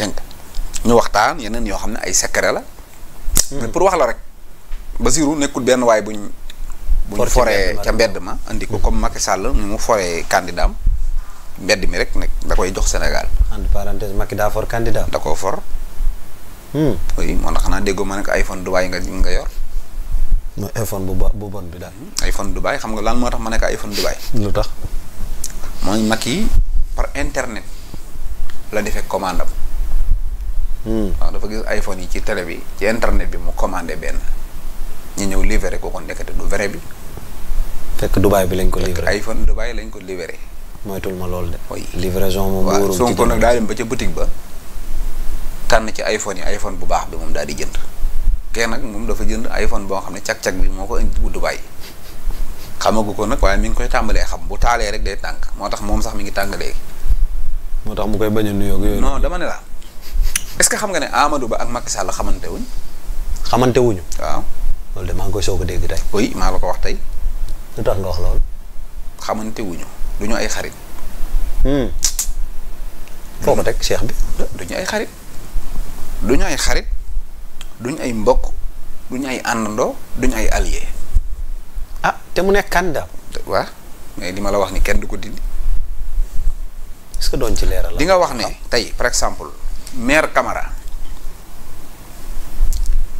dégg ñu waxtaan yeneen yoo xam ne ay secret la. pour wax la rek. ba Basirou nekkul benn waay buñ. buñ foree ca mbedd ma andi ko comme Macky Sall ni mu foree candidat am mi rek nag da koy jox Sénégal. entre parenthèse Macky daa for candidat da koo for. Hmm. moo tax xanaa déggoo ma ne ko iPhone Dubaay nga nga yor. mooy iPhone bu bu bon bi daal. Hmm, iPhone Dubaay xam nga lan moo tax ma ne ko iPhone Dubaay. lu tax. mooy Macky par internet la defee commande am. Hmm. waaw dafa gis iPhone yi ci télé bi ci internet bi mu commandé benn ñu ñëw livré ko kon nekkate du vrai bi. fekk Dubaay bi lañ ko livré iPhone Dubaay lañ ko livré. moytul ma lool de. oui livraison moom. wóorul ci Sonko nag daa ba ca boutique ba. tànn ci iPhone yi iPhone bu baax bi moom daal di jënd. kee nag moom dafa jënd iPhone boo xam ne cag-cag bi moo ko indi bu Dubaay xamagu ko nag waaye mi ngi koy tàmbalee xam bu taalee rek day tànk moo tax moom sax mi ngi tàng léegi. moo tax mu koy bañ a nuyoo non dama ne la. est que xam nga ne Amadou Ba ak Macky Sall xamante wuñ. xamante wuñu. waaw loolu de maa ngi koy soog a dégg tey. oui maa la ko wax tey. lu tax wax loolu. xamante wuñu ay xarit. Hmm. foo ko teg bi. du ay xarit duñu ay xarit duñ ay mbokk duñ ay àndandoo duñ ay allié. a ah, te mu nekk candidat. waaw mais li ma la wax ni kenn du ko dindi. est-ce que doon ci leeral. di nga wax ne ah. tey par exemple maire Camara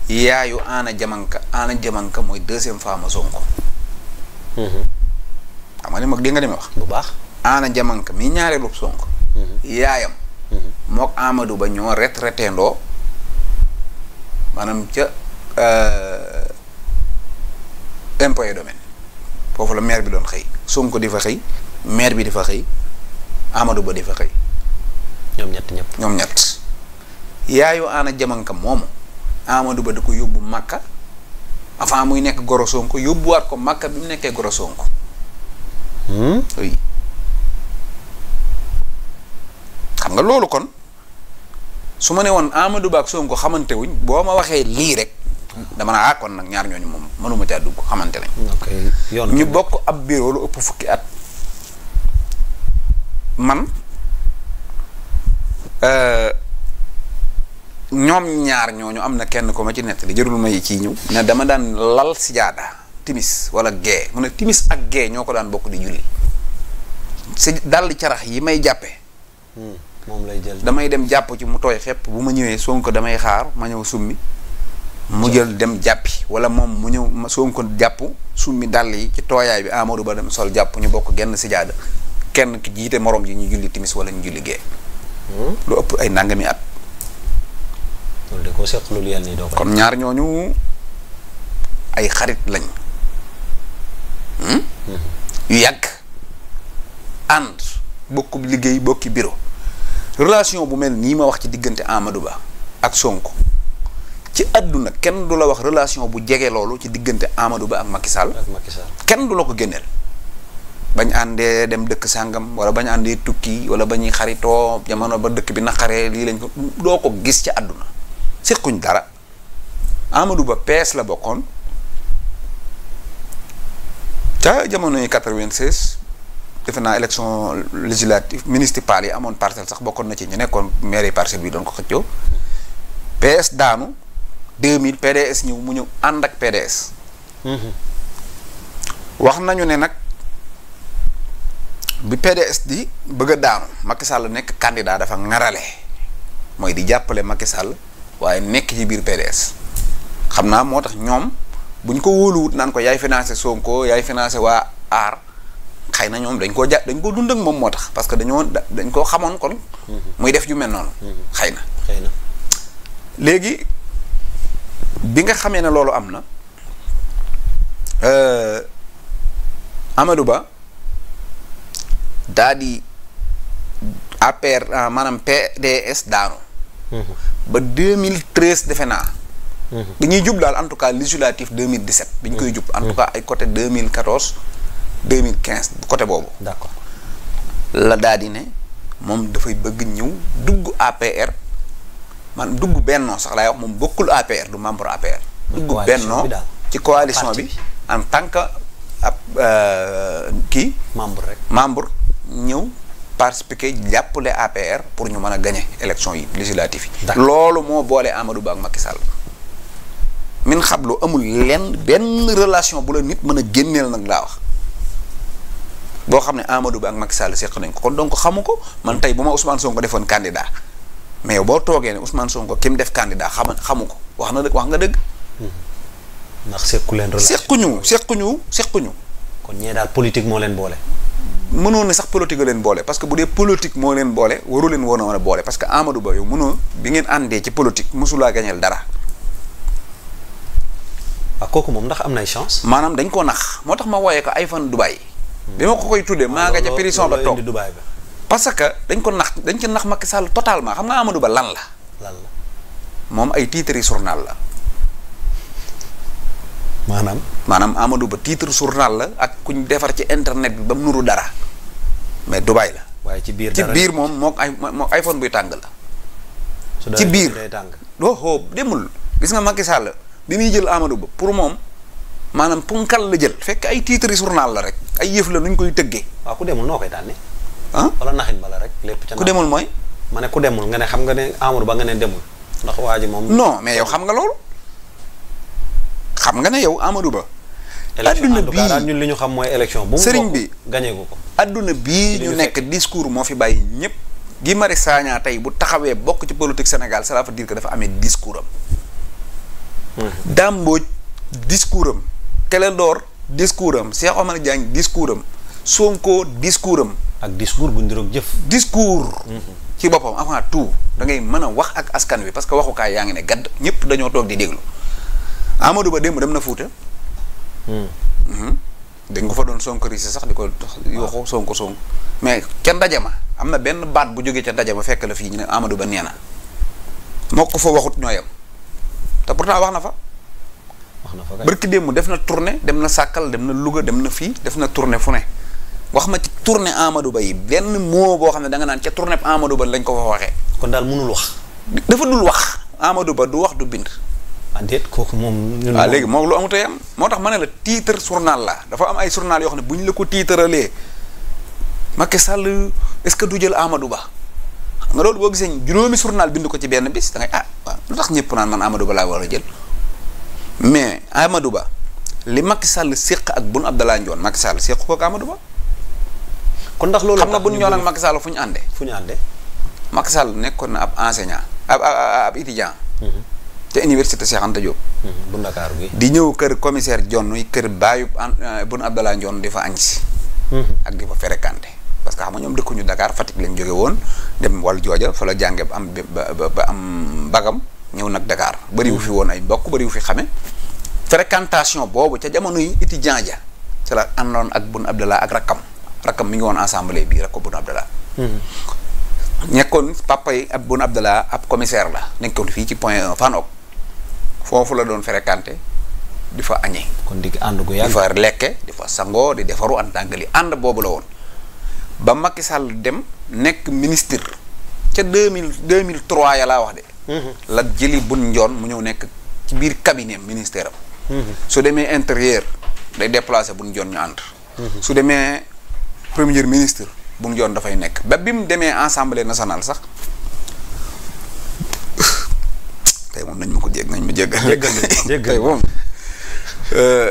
yaayu Anna Diamanka Anna Diamanka mooy deuxième femme Sonko. Mhm. xam nga ni mag dégg nga li wax. bu baax Anna Diamanka mi ñaareelu Sonko. Mhm. yaayam. Mhm. mook Amadou Ba ñoo retraité ndoo maanaam ca euh, impôt et domaine foofu la maire bi doon xëy Sonko di fa xëy maire bi di fa xëy Amadou Ba di fa xëy. ñoom ñett. yaayu aana jamanka moomu Amadou Ba da ko yóbbu Makka avant muy nekk goro Sonko yóbbuwaat ko Makka bi mu nekkee goro Sonko. Hmm? xam nga loolu kon su ma ne woon Amadou Ba ak Sonko xamante wuñ boo ma waxee lii rek dama naa ah, kon nag ñaar ñooñu moom mënuma caa dugg xamante nañ. yoon ñu bokk ab bureau lu ëpp fukki at. man. Euh, ñoom ñaar ñooñu am na kenn ko ma ci nettali jërul may ciy ñëw ne dama daan lal sijaada timis wala gee mu ne timis ak gee ñoo ko daan bokk di julli si daldi carax yi may jàppe hmm, moom lay jël damay dem jàpp ci mu tooy xepp bu ma ñëwee Sonko damay xaar ma ñëw summi mu jël dem jàppi wala moom mu ñëw Sonko jàpp summi dàll yi ci tooyaay bi Amadou Ba dem sol jàpp ñu bokk genn sijaada kenn ki jiite moroom ji ñu julli timis wala ñu julli gee hmm? lu ëpp ay nangami koo seq loolu yenn kon ñaar ñooñu ay xarit lañ hmm? yu yàgg ànd bokk liggéey bokki bureau relation bu mel nii ma wax ci diggante Amadou Ba ak Sonko ci àdduna kenn du la wax relation bu jege loolu ci diggante Amadou Ba ak Macky Sall ak kenn du la ko génneel bañ àndee dem dëkk sàngam wala bañ àndee tukki wala ba ñuy xaritoo jamono ba dëkk bi naqaree lii lañ ko doo ko gis ci àdduna séquñ dara Amadou Ba PS la bokkoon ca jamono yi 96 defe naa élection législative municipale yi amoon parcelle sax bokkoon na ci ñu nekkoon mairie parcelle bi doon ko xëccoo PS daanu 2000 PDS ñëw mu ñëw ànd ak PDS. Mm-hmm. wax nañu ne nag bi PDS di bëgg a daanu Macky nekk candidat dafa ngarale mooy di jàppale Macky waaye nekk ci biir PDS xam naa moo tax ñoom bu ñu ko wóoluwut naan ko yaay financé Sonko yaay financé waa aar xëy na ñoom dañ koo ja dañ koo dund moom moo tax parce que dañoo dañ koo xamoon kon. Mhm. muy def ju mel noonu. Mhm. xëy na xëy na. léegi bi nga xamee ne loolu am na euh, Amadou Ba daadi di APR maanaam PDS daanu. ba 2013 defe naa. bi ñuy jub daal en tout cas législatif 2017. bi ñu koy jub en tout cas ay côté 2014 2015 côté boobu. d'accord la daa di ne moom dafay bëgg ñëw dugg APR man dugg bennoo sax laay wax moom bokkul APR du membre APR. dugg bennoo ci coalition bi en tant que ab euh, kii. membre rek membre ñëw. participer jàppale APR pour ñu mën a gagné élection yi législative yi. loolu moo boole Amadou Ba ak Macky Sall. min xablu amul lenn benn relation bu la nit mën a génneel nag laa wax boo xam ne Amadou Ba ak Macky Sall seq nañ ko kon donc xamu ko man tey bu ma Ousmane Sonko defoon kandidaa mais boo toogee ne Ousmane Sonko ki mu def candidat xam xamu ko wax na dëgg wax nga dëgg. ndax sequ leen relation sequñu sequñu sequñu. kon ñee daal politique moo leen boole. mënoon na sax politique leen boole parce que bu dee politique moo leen boole waru woon a mën a boole parce que Amadou Ba yow mënoo bi ngeen àndee ci politique mosulaa gañeel dara. waaw ah, kooku moom ndax am nay chance. maanaam dañ ko nax moo tax ma wooyee ko ay fan Dubaï. bi ma ko koy tuddee maa nga ah, ca prison ba toog parce que dañ ko nax dañ ca nax Macky Sall totalement xam nga Amadou Ba lan la. lan la moom ay titres journal la. maanaam maanaam Amadou Ba titre journal la ak kuñ defar ci internet bi ba mu nuru dara mais Dubaay la. waaye ci biir dara ci biir moom mook ay mook iPhone buy tàng la. ci biir doo oh, oh, xoo demul gis nga Macky Sall bi muy jël Amadou Ba pour moom maanaam punkal la jël fekk ay titres journal la rek ay yëf la nuñ koy tëggee. waa ku demul noo koy daane. ah wala naxit bala rek lépp ca ku demul mooy. ma ne ku demul nga ne xam nga ne Amadou Ba nga ne demul ndax waa ji moom. non mais yow xam nga loolu. xam nga ne yow Amadou Ba. adduna bii ñun li ñu xam mooy élection bu mu bi gañee ko adduna bii ñu nekk discours moo fi bàyyi ñëpp. Guy Marius Sagna tey bu taxawee bokk ci politique Sénégal cela veut dire que dafa amee discours am. Hmm. Dame Mbodj discours am. Clédor discours am Cheikh Omar Diagne discours am Sonko discours am. ak discours bu ndiroog jëf. discours. Hmm. ci boppam avant tout da ngay mën a wax ak askan wi parce que waxukaay yaa ngi ne gadd ñëpp dañoo toog di déglu. Amadou Ba démb dem na Fuuta. Hmm. Mhm. dañ ko fa doon sonkari si sax di ko yoxu sonko sonk mais ca ndaje ma am na benn baat bu jógee ca ndaje ma fekk la fii ñu ne Amadou Ba nee na moo ko waxut ñooyam te pourtant wax na fa. wax na fa kay barki démb def na tournée dem na Sàkkal dem na Louga dem na fii def na tournée fu ne wax ma ci tournée Amadou Ba yi benn mot boo xam ne da nga naan ca tournée Amadou Ba lañ ko fa waxee. kon daal mënul wax. dafa dul wax Amadou Ba du wax du bind. ah kooku moom. Ah, léegi moom lu amutee am moo tax ma ne la titre journal la dafa am ay journal yoo xam ne bu ñu la ko tiitaralee Macky Sall est-ce que du jël Amadou Ba xam nga loolu boo gisee juróomi journal bind ko ci benn bis da ngay ah lu tax ñëpp naan man amadu Ba laa war a jël mais Amadou Ba li Macky Sall séq ak Boun Abdallah Dionne Macky Sall séq ko ak Amadou Ba. kon ndax loolu xam nga Boun Dionne ak Macky Sall fu ñu ànde fu ñu àndee. Macky Sall nekkoon na ab enseignant ab ab étudiant. Mm-hmm. ca université Cheikh Anta Diop. Mm-hmm. bu di ñëw kër commissaire Dione kër baayu euh, Boun Abdallah Dione di fa añ si. Mm-hmm. ak di fa fréquenté. parce que xam nga ñoom dëkkuñu dakaar Fatick lañ jóge woon dem wàllu jooja fa la jànge ba am ba am ñëw nag dakaar bëriwu fi mm-hmm. woon ay mbokk bëriwu fi xame fréquentation boobu ca jamono yi étudiant ja ca la àndoon ak Boun Abdallah ak rakkam rakkam mi ngi woon assemblée bii rakko Boun Abdallah nekkoon papa yi ab Boun Abdallah ab commissaire la nekkoon ci point 1 euh, foofu la doon fréquenté di fa añee. kon di ànd gu yàgg fa lekke di fa sangoo di defaru en tant que ànd boobu la woon ba makki sàll dem nekk ministre ca deux mille deux mille trois ya laa wax de. Mhm. la jëli bun njoon mu ñëw nekk ci biir cabinet ministère am. Mhm. su demee intérieur day déplacé bun njoon ñu ànd. Mhm. su demee premier ministre bun njoon dafay nekk ba bi mu demee assemblée national sax. jéggal jéggal jéggal moom euh,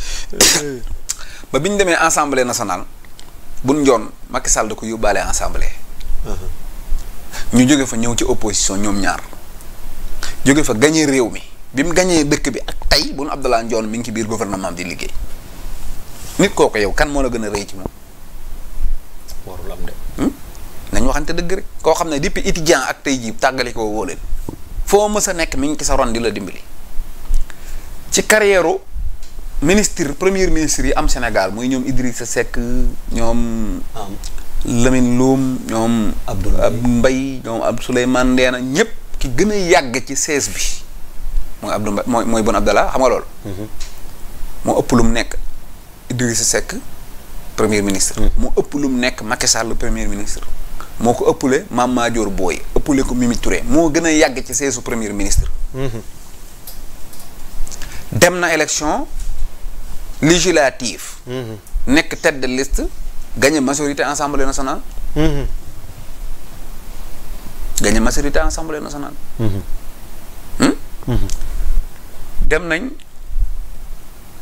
ba bi ñu demee assemblée nationale buñ njoon Macky Sall da ko yóbbaale assemblée uh-huh. ñu jóge fa ñëw ci opposition ñoom ñaar jóge fa gañee réew mi bi mu gañee dëkk bi ak tey bu nu Abdallah Njoon mi ngi ci biir gouvernement di liggéey nit kooku yow kan moo la gën a rëy ci moom warul hmm? nañ waxante dëgg rek koo xam ne depuis étudiant ak tey jii tàggale ko woo leen foo mës a nekk mi ngi ci sa di la dimbali ci carrière ministre premier ministre yi am Sénégal mooy ñoom Idrissa Seck ñoom. Lamine Loum ñoom. Abdoul mbay ñoom ab Souleymane Ndeena ñëpp ki gën a yàgg ci sees bi mooy Abdou Mbaye mooy mooy Boun Abdallah xam nga loolu. Mhm. moo ëpp lu mu nekk Idrissa Seck premier ministre. Mhm. moo ëpp lu mu nekk Macky Sall premier ministre. moo ko ëppale Mame Madior Boye ëppale ko Mimi moo gën a yàgg ci seesu premier ministre. Mhm. dem na élection législative. Mhm. nekk tête de liste gagné majorité assemblée nationale. Mhm. gagné majorité assemblée nationale. Hmm? dem nañ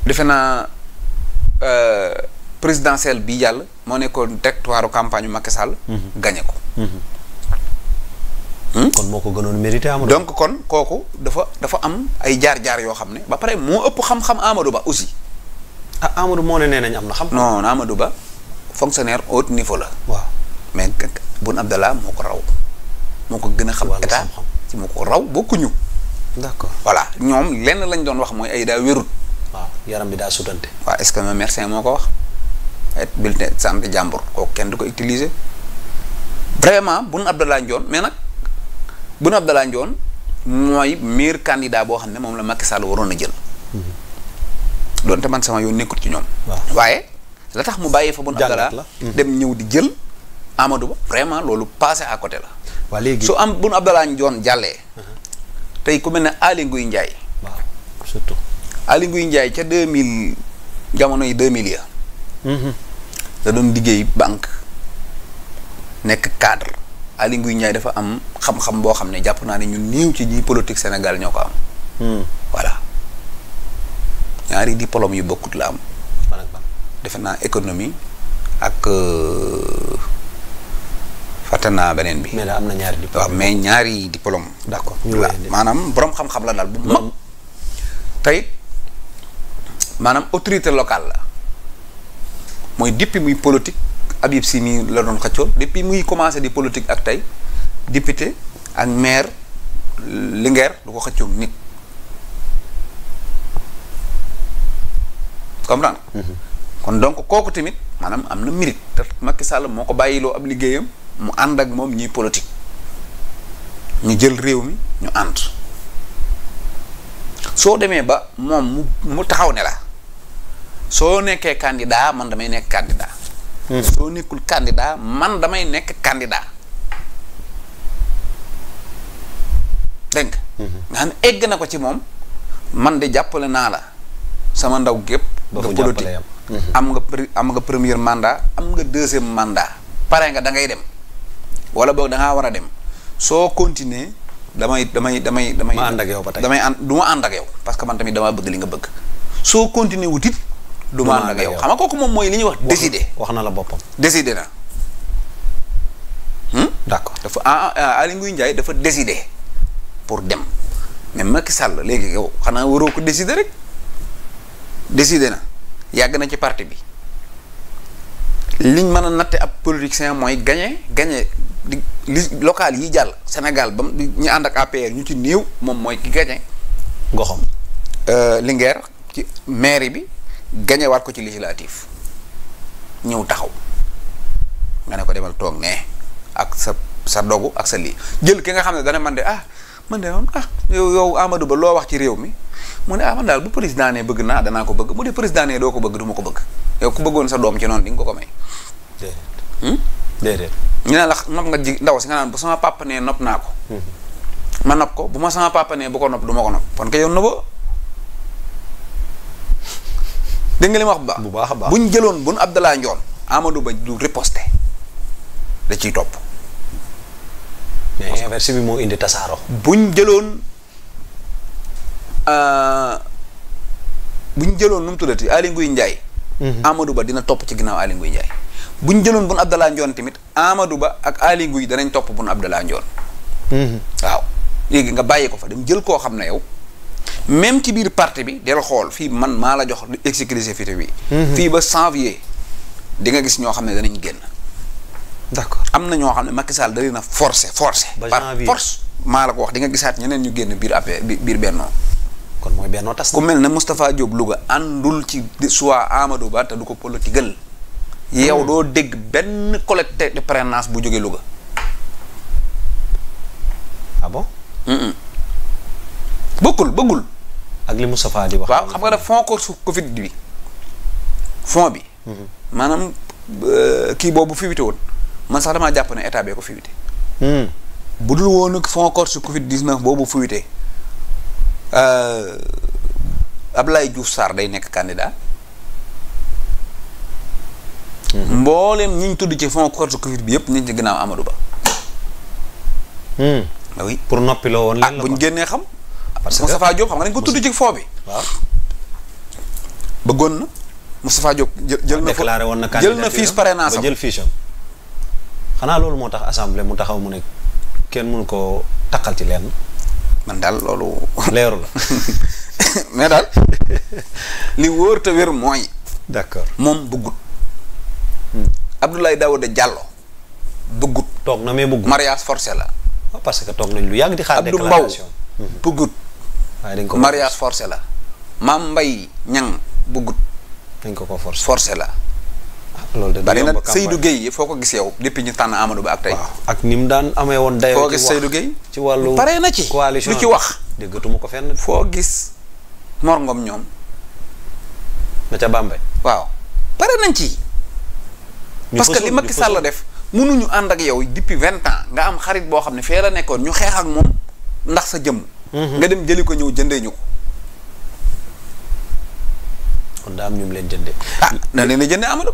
defe naa. Euh, présidentielle bi yàlla moo nekkoon directoire campagne Macky Sall. Mhm. gagné ko. Mhm. Hmm? kon moo ko gënoon mérité Amadou donc kon kooku dafa dafa am ay jaar-jaar yoo xam ne ba pare moo ëpp xam-xam Amadou Ba aussi. ah Amadou moo ne nee nañ am na xam. non Amadou Ba fonctionnaire haut niveau la. waaw mais Boun Abdallah moo ko raw. moo ko gën a xam état ci moo ko raw bokkuñu. d'accord voilà ñoom lenn lañ doon wax mooy ay daa wérut. waaw yaram bi daa sutante. waaw est-ce que ma médecin moo ko wax. bulletin santé jàmbur kooku kenn du ko utiliser vraiment Boun Abdallah mais nag Boun Abdallah Dionne mooy meilleur candidat boo xam ne moom la Macky Sall waroon a jël. Mhm. doonte man sama yoon nekkul ci ñoom. waaye la tax mu bàyyi fa Boun Abdallah mhm. dem ñëw di jël Amadou vraiment loolu passé à la. waa su am Boun Abdallah Dionne jàllee. Mhm. tey ku mel ne Aly Ngouille Ndiaye. waaw surtout. Aly Ngouille Ndiaye ca deux mille jamono yi deux mille ya da doon liggéey banque nekk cadre Aly Ngouille Ndiaye dafa am xam-xam boo xam ne jàpp naa ne ñu néew ci ñi politique Sénégal ñoo ko am. Hmm. voilà ñaari diplôme yu bokkut la am. defe naa économie ak euh, fàtte naa beneen bi. mais am na ñaari diplôme waaw mais ñaari diplôme. d'accord maanaam boroom xam-xam la daal bu mag. tey maanaam autorité locale la. mooy depuis muy politique Habib Sy mi la doon xëccoon depuis muy commencé di politique ak tey député ak maire Linguère du ko xëccoon nit comprendre mhm. kon donc kooku tamit maanaam am na mérite te Macky Sall moo ko bàyyiloo ab liggéeyam mu ànd ak moom ñuy politique ñu jël réew mi ñu ànd soo demee ba moom mu mu taxaw ne la soo nekkee candidat man damay nekk candidat. Hmm. soo nekkul candidat man damay nekk candidat. dégg hmm. nga xam ne egg na ko ci moom man de jàppale naa la sama ndaw gépp nga politique hmm. am nga am nga première mandat am nga deuxième mandat pare nga da ngay dem wala boog da war a dem soo continuer damay damay damay damay. ma ànd ak yow ba tey damay ànd du ma ànd ak yow parce que man tamit damaa bëgg li nga bëgg soo continuer wutit du ma ànd ak yow xam nga kooku moom mooy li ñuy wax décidé wax na la boppam décidé na hmm? d' accord dafa a ah, ah, ah, Ngouille Ndiaye dafa décidé pour dem mais Macky Sall léegi yow xanaa waroo ko décider rek décidé na yàgg na ci parti bi liñ mën a natte ab politicien mooy gagné gagné li local yi jàll Sénégal ba ñu ànd ak APR ñu ci néew moom mooy ki gagné goxam euh, Linguère ci mairie bi gañewaat ko ci législatif ñëw taxaw nga ne ko demal toog ne ak sa sa dogu ak sa lii jël ki nga xam ne dana man de ah man de moom ah yow yow Amadou Ba loo wax ci réew mi mu ne ah ma daal bu président nee bëgg naa danaa ko bëgg bu dee président nee doo ko bëgg du ko bëgg yow ku bëggoon sa doom ci noonu di nga ko ko may. déedéet. Hmm? ñu ne la nopp nga ji ndaw si nga naan bu sama papa nee nopp naa ko. Hmm. ma nopp ko bu ma sama papa nee bu ko nopp du ko nopp kon yow noboo. dégg nga li ma wax bu baax a ñu jëloon bu nu Abdallah Njoon Amadou Ba du riposte da ciy topp. mais inverse bi moo indi tasaaro. bu jëloon euh, bu ñu jëloon nu mu tuddati Aly Ngouille Ndiaye. Mhm. Amadou Ba dina topp ci ginnaaw Aly Ngouille Ndiaye. bu ñu jëloon bu nu Njoon tamit Amadou Ba ak Aly Ngouille danañ topp bu nu Abdallah Njoon. Mhm. waaw léegi nga bàyyi ko fa dem jël koo xam ne yow. même ci biir parti bi del xool fii man maa la jox exclusivité bi mhm. fii ba janvier di nga gis ñoo xam ne danañ génn d'accord am na ñoo xam ne Macky Sall da leen forcé forcé par force maa la ko wax di nga gisaat ñeneen ñu génn biir AP biir bennoo kon mooy bennoo tas ku mel ne Moustapha Diop Louga àndul ci soit Amadou Ba te du ko politigël yow hmm. doo dégg benn collecte de parrainage bu jógee Louga ah bëggul ak li Moustapha di wax. waaw xam nga daf fond course Covid bi fond bi. Mhm. maanaam euh, kii boobu fi wite woon man sax damaa jàpp ne état bee ko fi hmm. bu dul woon ak fond course Covid 19 boobu fi ab euh, Ablaye Diouf Sarr day nekk candidat. Hmm. mbooleem ñi ñu tudd ci fond course Covid bi yëpp ñu ci gannaaw Amadou Ba. Hmm. Ah oui pour noppi la woon. lan ah, la génnee xam. parce que Moustapha Diop xam nga dañ ko tudd ci foo bi. waaw bëggoon na Moustapha Diop. jël na déclaré woon na candidature jël na fiche parrainage ba jël fiche xanaa loolu moo tax assemblée mu taxaw mu ne kenn mënu koo takkal ci lenn. man daal loolu. leeru la. mais daal li wóor te wér mooy. d'accord moom bëggut. Hmm. Abdoulaye da Diallo bëggut. toog na mais bëggut mariage forcé la. Ah, parce que toog nañ lu yàgg di xaar waaye dañ ko mariage forcé la maam mbay ñang bëggut dañ ko ko forcé la ah, loolu de bari na Seydou Gueye foo ko gis yow depuis ñu tànn Amadou Ba ak tey ni mu daan amee woon dayoo foo gis Seydou Gueye ci wàllu pare na ci coalition lu ci wax déggatuma ko fenn foo gis Mor ñoom na ca Bambey waaw pare nañ ci parce que li Macky Sall def mënuñu ànd ak yow depuis vingt ans nga am xarit boo xam ne fee la nekkoon ñu xeex ak moom ndax sa jëm Mhm. nga dem jëli ko ñëw jëndee ñu ko. kon daa am leen jëndee. ah na leen a